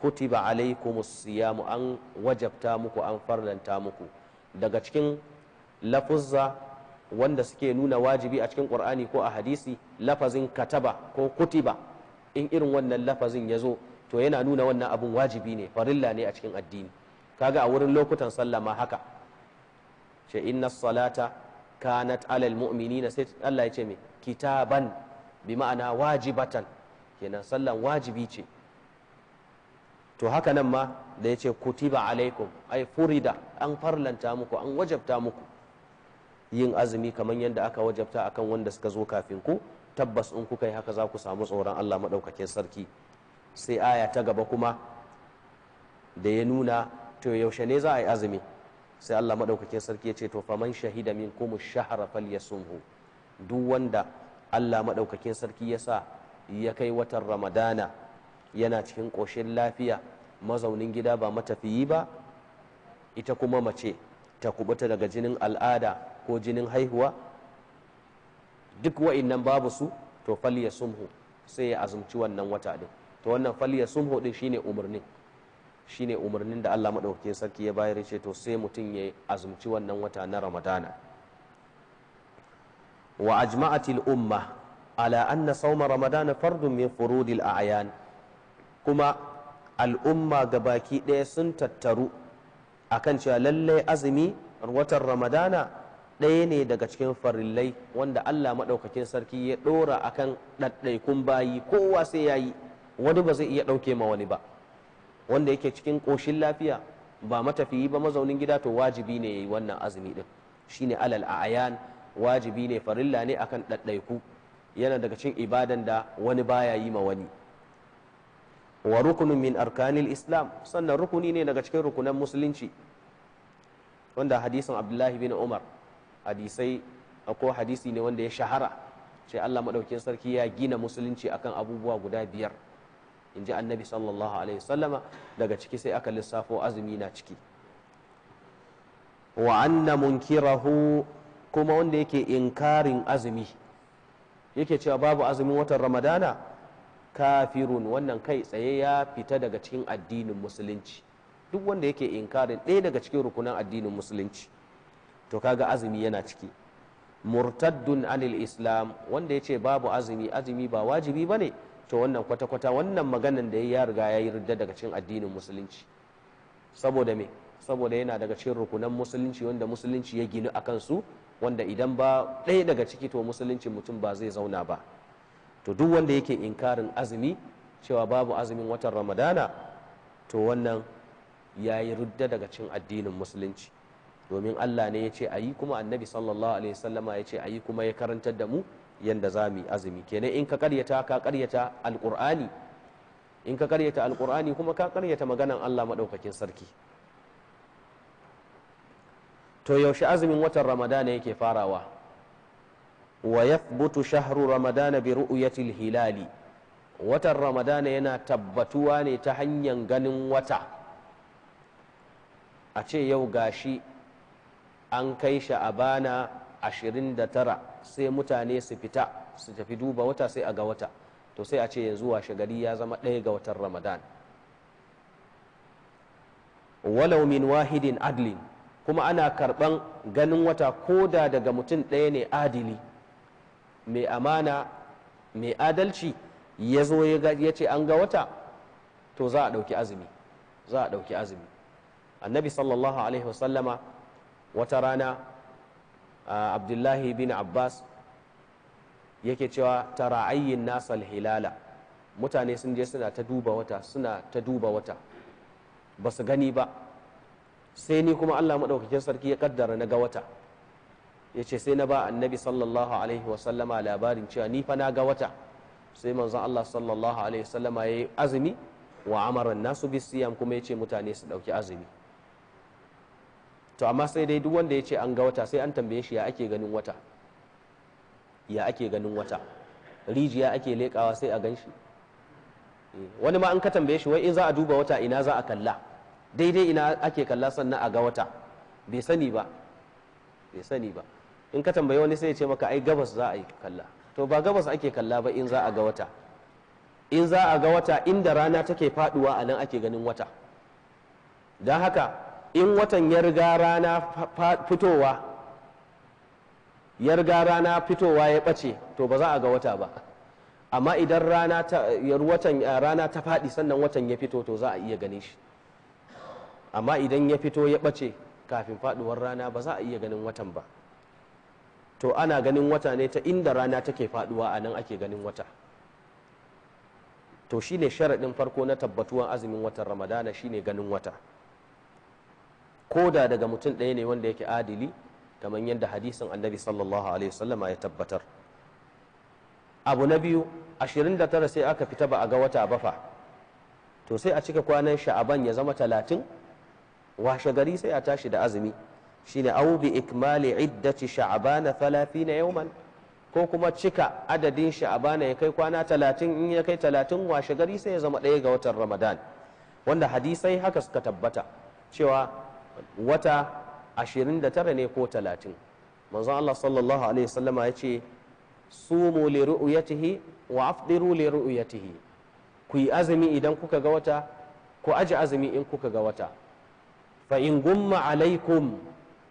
kutiba alaikumus siyamu an wajabta muku an farlanta muku daga cikin lafuzza wanda suke nuna wajibi a cikin qur'ani ko a hadisi lafazin kataba ko kutiba in irin wannan lafazin ya zo to yana nuna wannan abun wajibi ne farilla ne a cikin addini kaga a wurin lokutan sallah ma haka ce inna salata kanat alal mu'minina sai Allah ya ce me kitaban bi ma'ana wajibatan kenan sallan wajibi ce to haka nan ma da ya ce kutiba alaikum ai furida an farlanta muku an wajabta muku yin azumi kamar yadda aka wajabta akan wanda suka zo kafin ku tabbas in kuka yi haka za ku samu tsoron Allah maɗaukakin sarki sai aya ta gaba kuma da ya nuna to yaushe ne za a yi azumi sai Allah maɗaukakin sarki ya ce to faman shahida min kuma shahara fal yasumhu duk wanda Allah maɗaukakin sarki ya sa ya kai watan ramadana yana cikin ƙoshin lafiya mazaunin gida ba matafiyi ba ita kuma mace ta kubuta daga jinin al'ada ko jinin haihuwa duk wa'innan babu su to falya sumhu sai ya azumci wannan wata din to wannan falya sumhu din shine umarnin shine umarnin da Allah madaukakin sarki ya bayar ce to sai mutum ya azumci wannan wata na Ramadana wa ajma'atil umma ala anna sawma ramadana fardun min furudil a'yan kuma al'umma gabaki ɗaya sun tattaru akan cewa lallai azumi watan ramadana ɗaya ne daga cikin farillai wanda Allah maɗaukakin sarki ya ɗora a kan ɗaɗɗaikun bayi kowa sai ya yi wani ba zai iya ɗauke ma wani ba wanda yake cikin ƙoshin lafiya ba matafiyi ba mazaunin gida to wajibi ne ya yi wannan azumi ɗin shine alal a'yan wajibi ne farilla ne akan ɗaɗɗaiku yana daga cikin ibadan da wani baya yi ma wani wa rukunin min arkanil islam sannan rukuni ne daga cikin rukunan musulunci wanda hadisin abdullahi bin umar hadisai ko hadisi ne wanda ya shahara sai Allah maɗaukin sarki ya gina musulunci akan abubuwa guda biyar in ji annabi sallallahu alaihi sallama daga ciki sai aka lissafo azumi na ciki wa anna munkirahu kuma wanda yake inkarin azumi yake cewa babu azumin watan ramadana kafirun wannan kai tsaye ya fita daga cikin addinin musulunci duk wanda yake inkarin ɗaya daga cikin rukunan addinin musulunci to kaga azumi yana ciki murtaddun anil islam wanda ya ce babu azumi azumi ba wajibi ba ne to wannan kwata-kwata wannan maganan da ya riga ya yi rida daga cin addinin musulunci saboda me saboda yana daga cin rukunan musulunci wanda musulunci ya ginu a kansu wanda idan ba ɗaya daga ciki to musulunci mutum ba zai zauna ba to duk wanda yake inkarin azumi cewa babu azumin watan ramadana to wannan ya yi rudda daga cin addinin musulunci domin Allah ne ya ce a yi kuma annabi sallallahu alaihi wasallama ya ce a yi kuma ya karantar da mu yanda za mu yi azumi kenan in ka karyata ka karyata alqur'ani in ka karyata alqur'ani kuma ka karyata maganan Allah madaukakin sarki to yaushe azumin watan ramadana yake farawa wa yathbutu shahru ramadana bi ru'yati hilali watan ramadana yana tabbatuwa ne ta hanyar ganin wata a ce yau gashi an kai shi a da 29 sai mutane su fita su tafi duba wata sai a ga wata to sai a ce yanzu washe gari ya zama ɗaya ga watan ramadan walau min wahidin adlin kuma ana karɓan ganin wata ko da daga mutum ɗaya ne adili mai amana mai adalci ya zo ya ce an ga wata to za a ɗauki azumi za a ɗauki azumi annabi sallallahu alaihi wasallama wata rana abdullahi bin abbas yake cewa tara'ayyin nasal hilala mutane sun je suna ta duba wata suna ta duba wata ba su gani ba sai ni kuma allah maɗaukakin sarki ya kaddara na ga wata ya ce sai na ba annabi sallallahu alaihi wasallama labarin cewa ni fa na ga wata sai manzon allah sallallahu alaihi wasallama ya yi azumi wa amaran nasu bisiyam kuma ya ce mutane su ɗauki azumi to amma sai dai duk wanda ya ce an ga wata sai an tambaye shi ya ake ganin wata ya ake ganin wata rijiya ake leƙawa sai a gan shi eh, wani ma an ka tambaye shi wai in za a duba wata ina za a kalla daidai ina ake kalla sannan a ga wata bai sani ba bai sani ba in ka tambaye wani sai ya ce maka ai gabas za a yi kalla to ba gabas ake kalla ba in za a ga wata in za a ga wata inda rana take faduwa a nan ake ganin wata don haka in watan ya riga rana fitowa ya riga rana fitowa ya ɓace to ba za a ga wata ba amma idan rana ta faɗi sannan watan ya fito to za a iya ganin shi amma idan ya fito ya ɓace kafin faɗuwar rana ba za a iya ganin watan ba to ana ganin wata ne ta inda rana take faɗuwa a nan ake ganin wata to shine sharaɗin farko na tabbatuwan azumin watan ramadana shine ganin wata ko da daga mutum ɗaya ne wanda yake adili kamar yadda hadisin annabi sallallahu alaihi wasallama ya tabbatar abu na biyu 29 sai aka fita ba a ga wata ba fa to sai a cika kwanan sha'aban ya zama 30 washe gari sai a tashi da azumi shine au bi ikmali iddati sha'abana 30 yawman ko kuma cika adadin sha'abana ya kai kwana 30 in ya kai 30 washe gari sai ya zama ɗaya ga watan ramadan wanda hadisai haka suka tabbata cewa wata 29 ne ko 30 manzon Allah sallallahu alaihi wasallama ya ce sumu li ru'yatihi wa afdiru li ru'yatihi ku yi azumi idan kuka ga wata ku aji azumi in kuka ga wata fa in gumma alaikum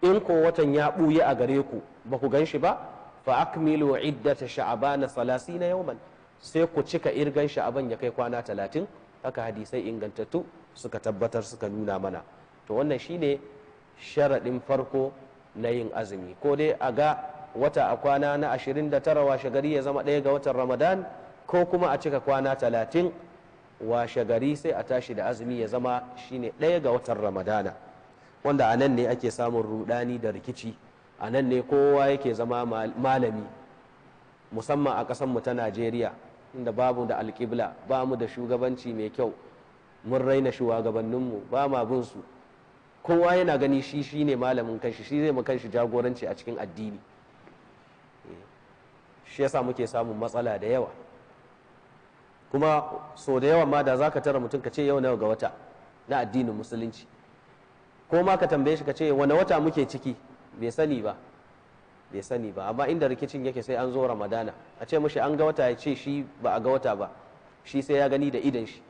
in ko watan ya buye a gare ku ba ku gan shi ba fa akmilu iddata sha'abana 30 yawman sai ku cika irgan sha'aban ya kai kwana 30 haka hadisai ingantattu suka tabbatar suka nuna mana to wannan shine sharaɗin farko na yin azumi ko dai a ga wata a kwana na 29 washe gari ya zama ɗaya ga watan ramadan ko kuma a cika kwana 30 washe gari sai a tashi da azumi ya zama shine ɗaya ga watan ramadana wanda a nan ne ake samun rudani da rikici a nan ne kowa yake zama malami musamman a ƙasanmu ta najeriya inda babu da alƙibla ba mu da shugabanci mai kyau mun raina shugabanninmu ba ma bin su kowa yana gani shi shi ne malamin kanshi shi zai kanshi jagoranci a cikin addini eh, shi yasa muke samun matsala da yawa kuma so da yawa ma da za ka tara mutum ka ce yau na ga wata na addinin musulunci ko ma ka tambaye shi ka ce wani wata muke ciki bai sani ba bai sani ba amma inda rikicin yake sai an zo ramadana a ce mushi an ga wata ya ce shi ba a ga wata ba shi sai ya gani da idan shi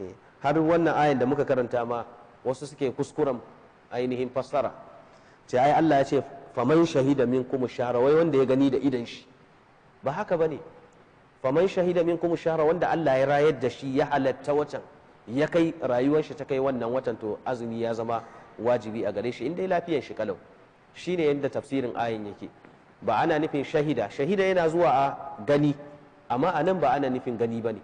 eh, har wannan ayan da muka karanta ma wasu suke kuskuren ainihin fassara ce ai Allah ya ce faman shahida kuma shahara wai wanda ya gani da idan shi ba haka ba ne faman shahida min kuma shahara wanda Allah ya rayar da shi ya halatta watan ya kai rayuwar shi ta kai wannan watan to azumi ya zama wajibi a gare shi inda lafiyar shi kalau shine yadda tafsirin ayin yake ba ana nufin shahida shahida yana zuwa a gani amma anan ba ana nufin gani bane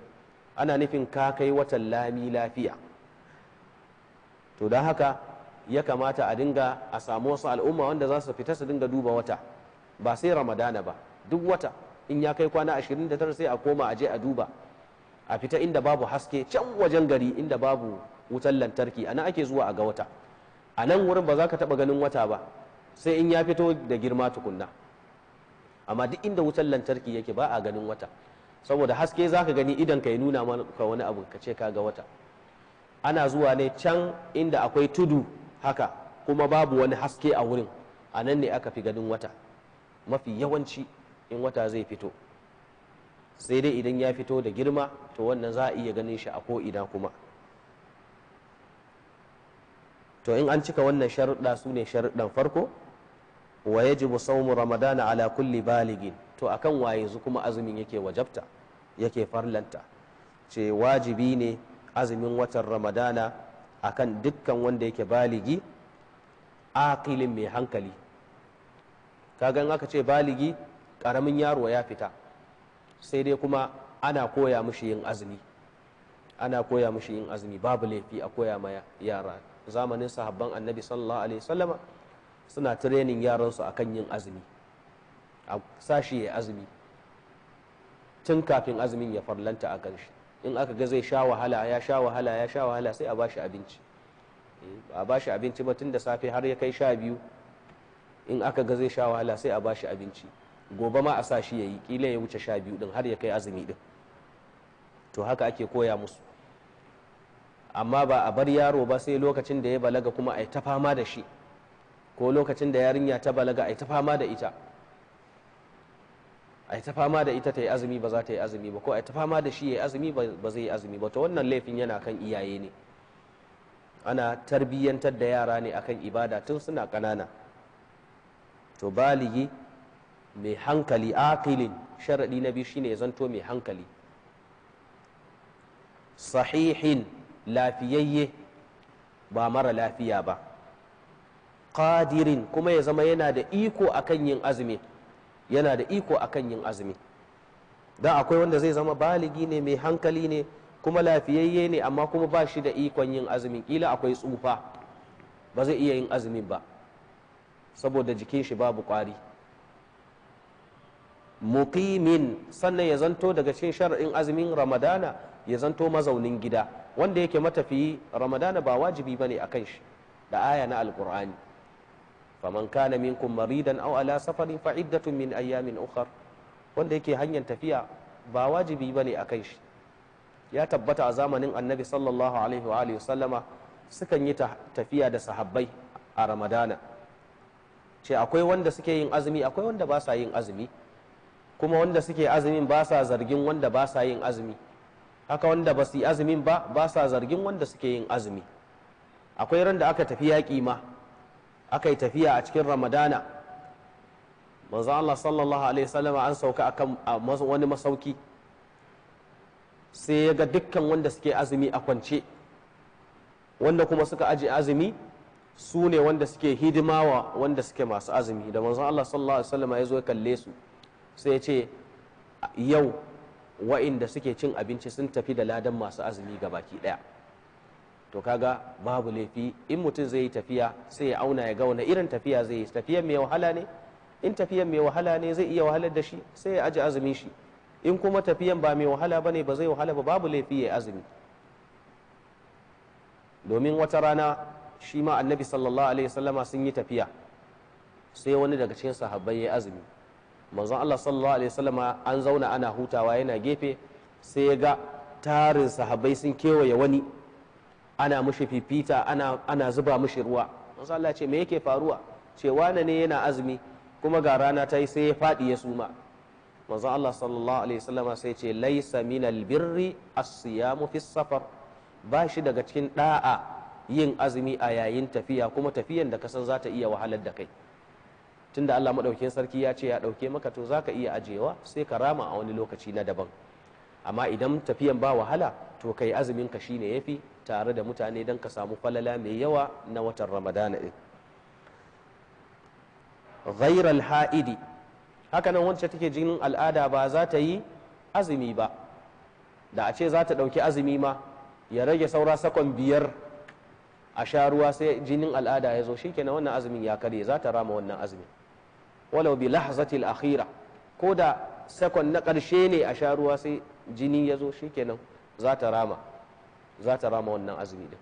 ana nufin ka kai watan lami lafiya to da haka ya kamata a dinga a samu wasu al'umma wanda za su fita su dinga duba wata ba sai ramadana ba duk wata in ya kai kwana 29 sai a koma a je a duba a fita inda babu haske can wajen gari inda babu wutar lantarki ana ake zuwa a ga wata a nan wurin ba za ka taɓa ganin wata ba sai in ya fito da girma tukunna amma duk inda wutan lantarki yake ba a ganin wata saboda haske za ka gani idan ka yi nuna ka wani abu ka ce ka ga wata ana zuwa ne can inda akwai tudu haka kuma babu wani haske a wurin a nan ne aka fi ganin wata mafi yawanci in wata zai fito sai dai idan ya fito da girma to wannan za a iya ganin shi a ko ina kuma to in an cika wannan sharuɗa su ne sharuɗan farko wa yajibu musamman ramadana ala kulli baligin to akan waye yanzu kuma azumin yake wajabta yake farlanta ce wajibi ne azumin watan ramadana a kan dukkan wanda yake baligi akilin mai hankali kaga in aka ce baligi ƙaramin yaro ya fita sai dai kuma ana koya mushi yin azumi ana koya mushi yin azumi babu laifi a koya ma yara zamanin sahabban annabi sallallahu alaihi wasallama suna tirenin yaransu akan yin azumi a sashi ya azumi tun kafin azumin ya farlanta a ganshi in aka ga zai sha wahala ya sha wahala ya sha wahala sai a ba shi abinci eh, a ba shi abinci ba tun da safe har ya kai sha biyu in aka ga zai sha wahala sai a ba shi abinci gobe ma a sa shi ya yi kila ya wuce sha biyu din har ya kai azumi din to haka ake koya musu amma ba a bar yaro ba sai lokacin da ya balaga kuma a ta fama da shi ko lokacin da yarinya ta balaga a ta fama da ita a ta fama da ita ta yi azumi ba za ta yi azumi ba ko a ta fama da shi ya yi azumi ba zai yi azumi ba to wannan laifin yana kan iyaye ne ana tarbiyyantar da yara ne akan ibada tun suna ƙanana to baligi mai hankali akilin sharaɗi na biyu shine zanto mai hankali sahihin lafiyayye ba mara lafiya ba ƙadirin kuma ya zama yana da iko akan yin azumi yana da iko akan yin azumi don akwai wanda zai zama baligi ne mai hankali ne kuma lafiyayye ne amma kuma ba shi da ikon yin azumin kila akwai tsufa ba zai iya yin azumin ba saboda jikin shi babu kwari muqimin sannan ya zanto daga cikin shar'in azumin ramadana ya zanto mazaunin gida wanda yake matafiyi ramadana ba wajibi ba a akan shi da aya na alkur'ani. faman kana minkum maridan aw ala safarin fa iddatun min ayyamin ukhar wanda yake hanyar tafiya ba wajibi bane akan shi ya tabbata a zamanin annabi sallallahu alaihi wa alihi sallama sukan yi tafiya da sahabbai a ramadana ce akwai wanda suke yin azumi akwai wanda ba sa yin azumi kuma wanda suke azumin ba sa zargin wanda ba sa yin azumi haka wanda ba su yi azumin ba ba sa zargin wanda suke yin azumi akwai randa aka tafi yaƙi ma aka yi tafiya a cikin ramadana manzo Allah sallallahu alaihi wasallam an sauka akan wani masauki sai ya ga dukkan wanda suke azumi a kwance wanda kuma suka aji azumi su ne wanda suke hidimawa wanda suke masu azumi da manzo Allah sallallahu alaihi wasallam ya zo ya kalle su sai ya ce yau wa'inda suke cin abinci sun tafi da ladan masu azumi gabaki baki daya to kaga babu laifi in mutum zai yi tafiya sai ya auna ya ga wani irin tafiya zai yi tafiyan mai wahala ne in tafiyan mai wahala ne zai iya wahalar da shi sai ya aji azumin shi in kuma tafiyan ba mai wahala ne ba zai wahala ba babu laifi ya azumi domin wata rana shi ma annabi sallallahu alaihi wasallama sun yi tafiya sai wani daga cikin sahabbai ya azumi manzon Allah sallallahu alaihi wasallama an zauna ana hutawa yana gefe sai ya ga tarin sahabbai sun kewaye wani ana mushi fifita ana zuba mushi ruwa manzo Allah ce me yake faruwa ce wane ne yana azumi kuma ga rana ta yi sai ya faɗi ya suma manzo Allah sallallahu alaihi wasallama sai ce laisa minal birri as-siyamu fi safar ba shi daga cikin da'a yin azumi a yayin tafiya kuma tafiyan da kasan san zata iya wahalar da kai tunda Allah madaukakin sarki ya ce ya dauke maka to zaka iya ajewa sai ka rama a wani lokaci na daban amma idan tafiyan ba wahala to kai azumin ka shine yafi tare da mutane don ka samu falala mai yawa na watan ramadana din ghairal ha'idi hakanan wacce take jinin al'ada ba za ta yi azumi ba da a ce za ta ɗauki azumi ma ya rage saura sakon biyar a sha ruwa sai jinin al'ada ya zo shikenan wannan azumin ya karye za ta rama wannan azumin walau bi lahzatil akhira ko da sakon na karshe ne a sha ruwa sai jini ya zo shikenan za ta rama za ta rama wannan azumi din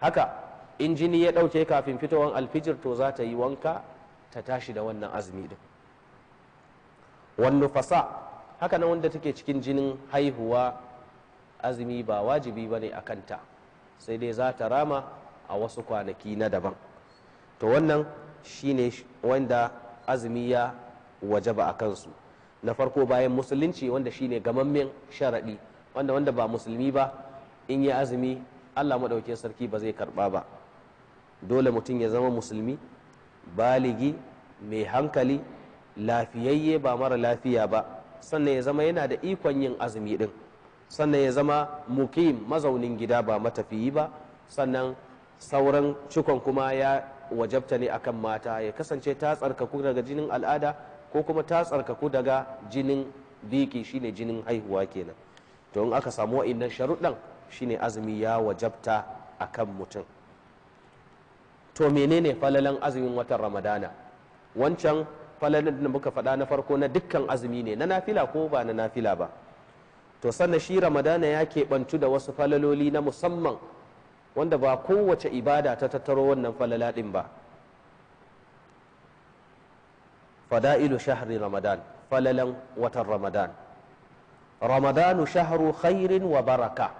haka in jini ya ɗauke kafin fitowar alfijir to za ta yi wanka ta tashi da wannan azumi din wannan fasa haka nan wanda take cikin jinin haihuwa azumi ba wajibi ba ne a kanta sai dai za ta rama a wasu kwanaki na daban to wannan shine wanda azumi ya wajaba a kansu na farko bayan musulunci wanda shine gamammen sharaɗi wanda wanda ba musulmi ba in yi azumi allah maɗaukin sarki ba zai karɓa ba dole mutum ya zama musulmi baligi mai hankali lafiyayye ba mara lafiya ba sannan ya zama yana da ikon yin azumi ɗin sannan ya zama mukim mazaunin gida ba matafiyi ba sannan sauran cikon kuma ya wajabta ne akan mata ya kasance ta tsarkaku daga jinin al'ada ko kuma ta tsarkaku daga jinin biki shine jinin haihuwa kenan to in aka samu wa'innan sharuɗan shine azumi ya wajabta a kan mutum to menene falalan azumin watan ramadana wancan falalan da muka faɗa na farko na dukkan azumi ne na nafila ko ba na nafila ba to sannan shi ramadana ya keɓantu da wasu falaloli na musamman wanda ba kowace ibada ta tattaro wannan falala ɗin ba fada'ilu shahri ramadan falalan watan ramadan ramadanu shahru khairin wa baraka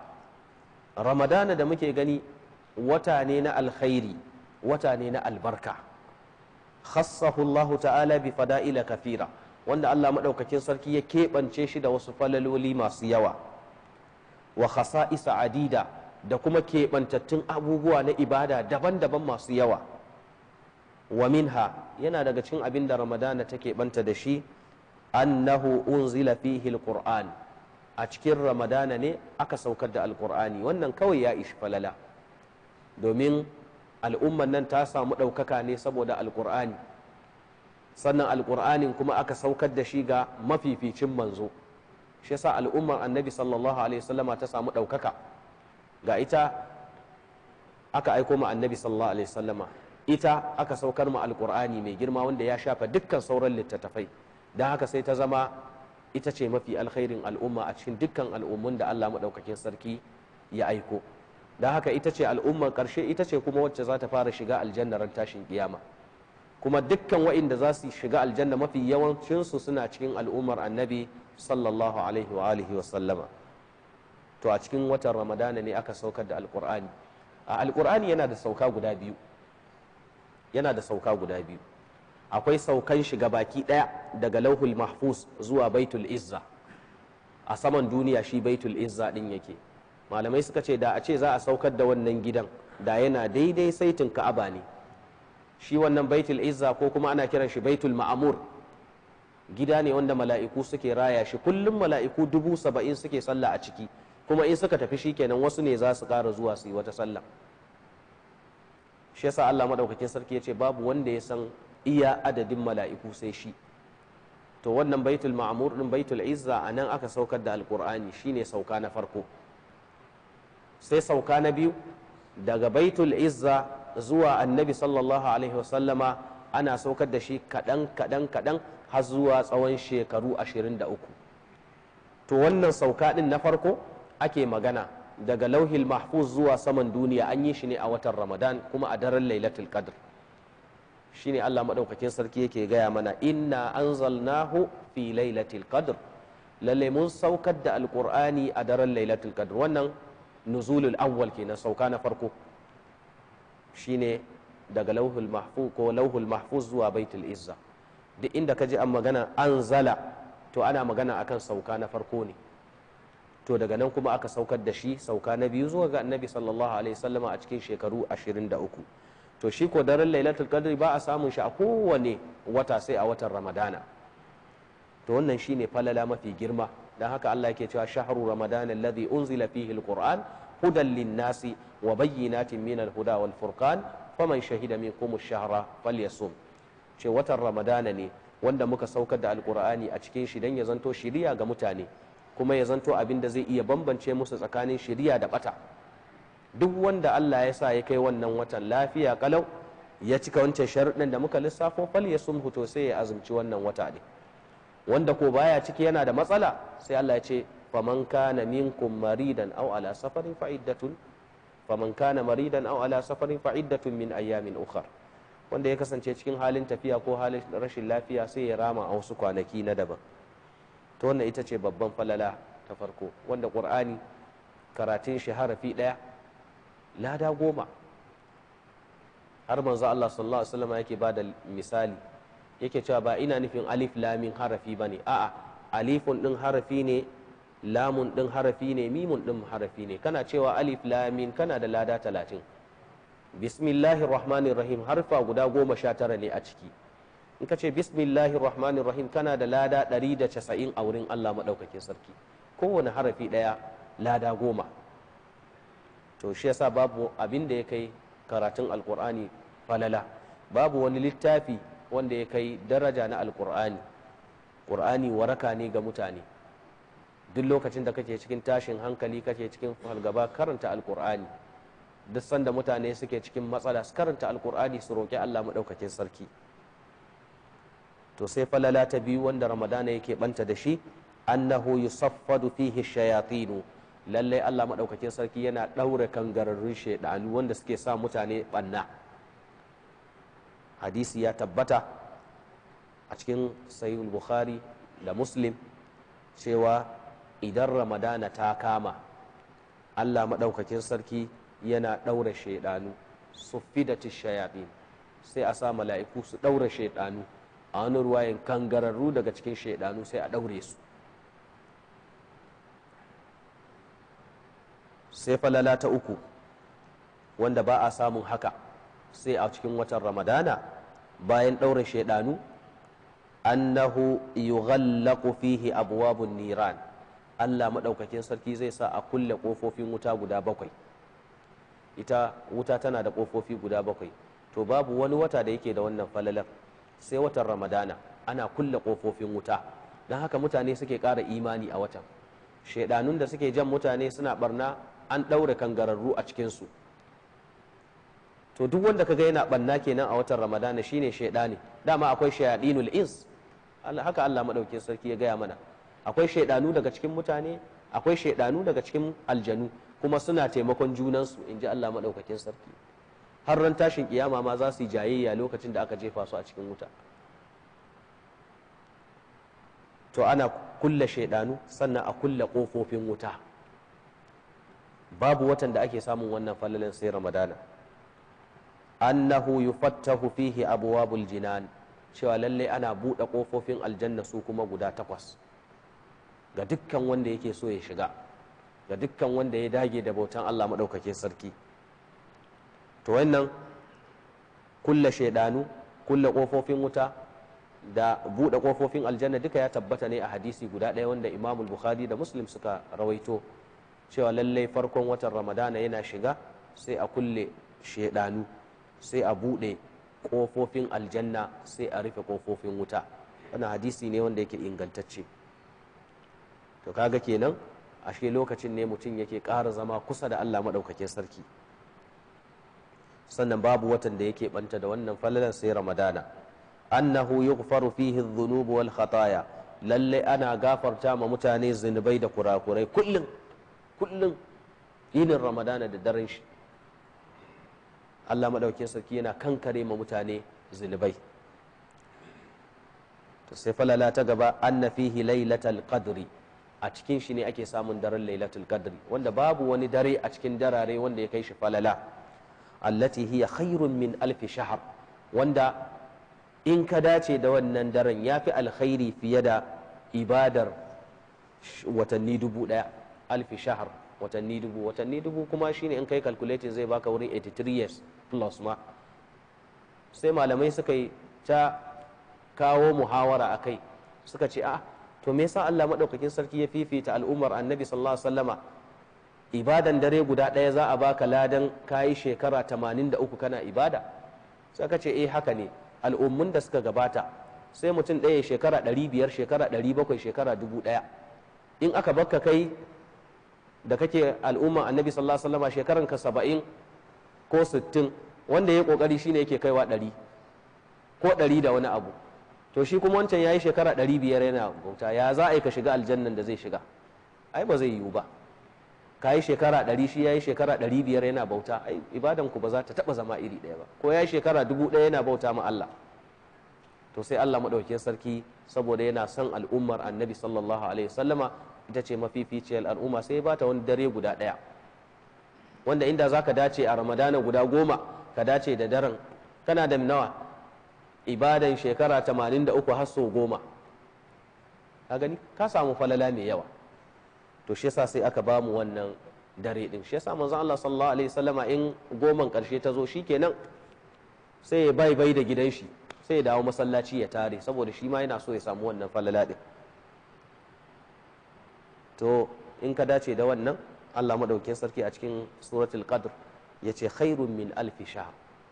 ramadana da muke gani wata ne na alkhairi wata ne na albarka khassahu Allah ta'ala bi fada'ila kafira wanda Allah madaukakin sarki ya keɓance shi da wasu falaloli masu yawa wa khasa'isa adida da kuma keɓantattun abubuwa na ibada daban-daban masu yawa wa minha yana daga cikin abin da ramadana ta keɓanta da shi annahu unzila fihi alquran a cikin ramadana ne aka saukar da alkur'ani wannan kawai ya ishi falala domin al'umman nan ta samu ɗaukaka ne saboda alkur'ani sannan alkur'anin kuma aka saukar da shi ga mafificin manzo shi yasa al'ummar annabi sallallahu alaihi wasallama ta samu ɗaukaka ga ita aka aiko ma annabi sallallahu alaihi wasallama ita aka saukar ma alkur'ani mai girma wanda ya shafa dukkan sauran littattafai don haka sai ta zama ita ce mafi alkhairin al'umma a cikin dukkan al'ummun da Allah maɗaukakin sarki ya aiko don haka ita ce al'ummar ƙarshe ita ce kuma wacce za ta fara shiga aljanna ran tashin kiyama kuma dukkan waɗanda za su shiga aljanna mafi yawancinsu suna cikin al'ummar annabi sallallahu alaihi wa alihi wa sallama to a cikin watan ramadana ne aka saukar da alƙur'ani a alƙur'ani yana da sauka guda biyu yana da sauka guda biyu akwai saukan shi baki ɗaya daga lauhul mahfuz zuwa baitul izza a saman duniya shi baitul izza ɗin yake malamai suka ce da a ce za a saukar da wannan gidan da yana daidai saitin ka'aba ne shi wannan baitul izza ko kuma ana kiran shi baitul ma'amur gida ne wanda mala'iku suke raya shi kullum mala'iku dubu saba'in suke sallah a ciki kuma in suka tafi shi kenan wasu ne za su ƙara zuwa su yi wata sallah shi yasa Allah madaukakin sarki ya ce babu wanda ya san iya adadin mala'iku sai shi to wannan baitul ma'amur din baitul izza a nan aka saukar da alkur'ani shine sauka na farko sai sauka na biyu daga baitul izza zuwa annabi sallallahu alaihi wasallama ana saukar da shi kaɗan kaɗan kaɗan har zuwa tsawon shekaru ashirin da uku to wannan sauka ɗin na farko ake magana daga lauhil mahfuz zuwa saman duniya an yi shi ne a watan ramadan kuma a daren lailatul qadr shine Allah madaukakin sarki yake gaya mana inna anzalnahu fi lailatul qadr lalle mun saukar da alqur'ani a daren lailatul qadr wannan nuzulul awwal kenan sauka na farko shine daga lauhul mahfuz ko lauhul mahfuz zuwa baitul izza duk inda ka ji an magana anzala to ana magana akan sauka na farko ne to daga nan kuma aka saukar da shi sauka na biyu zuwa ga annabi sallallahu alaihi wasallama a cikin shekaru 23 to shi ko daren lailatul qadri ba a samun shi a kowane wata sai a watan ramadana to wannan shine falala mafi girma dan haka Allah yake cewa shahru ramadana alladhi unzila fihi alquran hudan linnasi wa bayyinatin min alhuda wal furqan faman shahida minkum ash-shahra falyasum ce watan ramadana ne wanda muka saukar da alqur'ani a cikin shi dan ya zanto shiriya ga mutane kuma ya zanto abin da zai iya bambance musu tsakanin shiriya da bata duk wanda Allah ya sa ya kai wannan watan lafiya kalau ya cika wancan sharuɗin da muka lissafo fal ya sun huto sai ya azumci wannan wata ne wanda ko baya ciki yana da matsala sai Allah ya ce faman kana minkum maridan aw ala safarin fa iddatun faman kana maridan aw ala safarin fa iddatun min ayyamin ukar? wanda ya kasance cikin halin tafiya ko halin rashin lafiya sai ya rama a wasu kwanaki na daban to wannan ita ce babban falala ta farko wanda qur'ani karatun shi harafi daya lada goma har manzo Allah sallallahu alaihi wasallam yake ba da misali yake cewa ba ina nufin alif lamin harafi bane a'a alifun din harafi ne lamun din harafi ne mimun din harafi ne kana cewa alif lamin kana da lada talatin bismillahir rahmanir rahim harfa guda goma sha tara ne a ciki in ka ce bismillahir rahmanir rahim kana da lada ɗari da casa'in a wurin Allah maɗaukakin sarki kowane harafi ɗaya lada goma to shi yasa babu abin da ya kai karatun alkur'ani falala babu wani littafi wanda ya kai daraja na alkur'ani ƙur'ani waraka ne ga mutane duk lokacin da kake cikin tashin hankali kake cikin falgaba karanta alkur'ani duk sanda mutane suke cikin matsala su karanta alkur'ani su roƙi allah maɗaukakin sarki to sai falala ta biyu wanda ramadana yake ɓanta da shi annahu yusaffadu fihi shayatinu lallai Allah maɗaukakin sarki yana ɗaure kangararrun shaiɗanu wanda suke sa mutane ɓanna hadisi ya tabbata a cikin sahihul bukhari da muslim cewa idan ramadana ta kama Allah maɗaukakin sarki yana ɗaure shaidanu suffidati shayaɗin sai a sa mala'iku su ɗaure shaiɗanu a wani ruwayin kangararru daga cikin shaiɗanu sai a ɗaure su sai falala ta uku wanda ba a samun haka sai a cikin watan ramadana bayan ɗaure shaidanu annahu yughallaqu fihi abwabun niran Allah maɗaukakin sarki zai sa a kulle ƙofofin wuta guda bakwai ita wuta tana da ƙofofi guda bakwai to babu wani wata da yake da wannan falalar sai watan ramadana ana kulle ƙofofin wuta don haka mutane suke ƙara imani a watan shaidanun da suke jan mutane suna barna an ɗaure kangararru a cikinsu to duk wanda ka ga yana ɓanna kenan a watan ramadana shine shaidani dama akwai shayadinul ins haka Allah maɗauki sarki ya gaya mana akwai shaidanu daga cikin mutane akwai shaidanu daga cikin aljanu kuma suna taimakon junansu in ji Allah maɗaukakin sarki har ran tashin kiyama ma za su yi jayayya lokacin da aka jefa su a cikin wuta to ana kulle shaidanu sannan a kulle kofofin wuta babu watan da ake samun wannan fallalin sai ramadana annahu yufattahu fihi abwabul jinan cewa lalle ana buɗe ƙofofin aljanna su kuma guda takwas ga dukkan wanda yake so ya shiga ga dukkan wanda ya dage da bautan Allah maɗaukake sarki to wannan kulla shaidanu kulla ƙofofin wuta da buɗe ƙofofin aljanna duka ya tabbata ne a hadisi guda ɗaya wanda imamul bukhari da muslim suka rawaito cewa lallai farkon watan ramadana yana shiga sai a kulle shedanu sai a buɗe ƙofofin aljanna sai a rufe kofofin wuta wannan hadisi ne wanda yake ingantacce to kaga kenan ashe lokacin ne mutum yake ƙara zama kusa da allah maɗaukakin sarki sannan babu watan da yake ɓanta da wannan falalan sai ramadana annahu yughfaru fihi dhunubu wal khataya lallai ana gafarta ma mutane zunubai da kurakurai kullum kullum yinin ramadana da daren shi allah maɗaukin sarki yana kankare ma mutane zunubai Ta sai falala ta gaba anna fihi lailatul qadri a cikin shi ne ake samun daren lailatul qadri wanda babu wani dare a cikin darare wanda ya kai shi falala allati hiya khairun min alfi shahar wanda in ka dace da wannan daren ya fi alkhairi fiye da ibadar watanni dubu ɗaya alfi shahar watanni dubu watanni dubu kuma shine in kai calculating zai baka wurin 83 years plus ma sai malamai suka yi ta kawo muhawara a kai suka ce a ah, to me yasa Allah madaukakin sarki ya fifita al'ummar annabi sallallahu alaihi wasallama ibadan dare guda ɗaya za a baka ladan kayi shekara 83 kana ibada suka ce eh haka ne al'ummun da suka gabata sai mutum ɗaya shekara 500 shekara 700 shekara 1000 in aka bakka kai da kake al'umma annabi sallallahu alaihi wasallam shekaran ka 70 ko 60 wanda ya kokari shine yake kaiwa 100 ko 100 da wani abu to shi kuma wancan yayi shekara 500 yana bauta ya za a yi ka shiga aljannan da zai shiga ai ba zai yiwu ba ka yi shekara 100 shi yayi shekara 500 yana bauta ai ibadan ku ba za ta taba zama iri daya ba ko yayi shekara 1000 yana bauta ma Allah to sai Allah madaukakin sarki saboda yana son al'ummar annabi sallallahu alaihi wasallama ita ce mafificiyar al'umma sai ba ta wani dare guda ɗaya wanda inda za ka dace a ramadana guda goma ka dace da daren kana da nawa ibadan shekara tamanin da uku har sau goma ka gani ka samu falala mai yawa to shi yasa sai aka bamu wannan dare din shi yasa manzon Allah sallallahu alaihi wasallama in goman karshe ta zo shikenan sai ya bai bai da gidan shi sai ya dawo masallaci ya tare saboda shi ma yana so ya samu wannan falala din to in ka dace da wannan Allah maɗaukin sarki a cikin suratul qadr ce khairun min alfi ya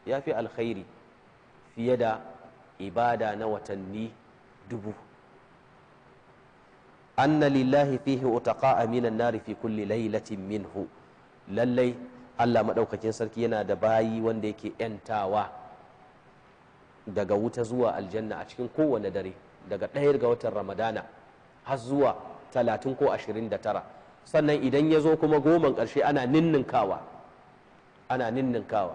yafi alkhairi fiye da ibada na watanni dubu anna lillahi fihi utaqa'a aminan nari fi kulli lailatin minhu lallai Allah maɗaukakin sarki yana da bayi wanda yake yantawa daga wuta zuwa aljanna a cikin kowane dare daga ɗaya ga watan ramadana har zuwa talatin ko ashirin da tara sannan idan ya zo kuma goman ƙarshe ana ninninkawa ana ninninkawa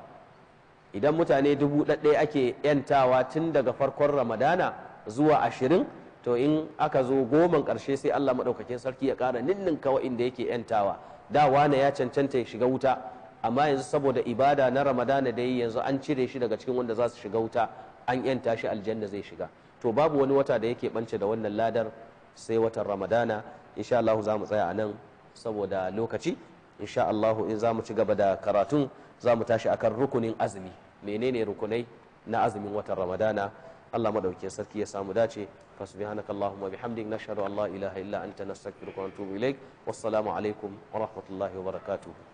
idan mutane dubu ɗaɗɗe ake yantawa tun daga farkon ramadana zuwa ashirin to in aka zo goman ƙarshe sai allah maɗaukakin sarki ya ƙara ninninka inda yake yantawa da wane ya cancanta ya shiga wuta amma yanzu saboda ibada na ramadana da yi yanzu an cire shi daga cikin wanda za su shiga wuta an yanta shi aljanna zai shiga to babu wani wata da yake ɓance da wannan ladar sai watan ramadana insha Allah za mu tsaya a nan saboda lokaci insha Allah in za mu ci gaba da karatun za mu tashi akan rukunin azumi menene rukunai na azumin watan ramadana Allah madaukakin sarki ya samu dace fa subhanaka allahumma bihamdik nashhadu an la ilaha illa anta nastaghfiruka wa natubu ilaik wassalamu alaikum wa rahmatullahi wa barakatuh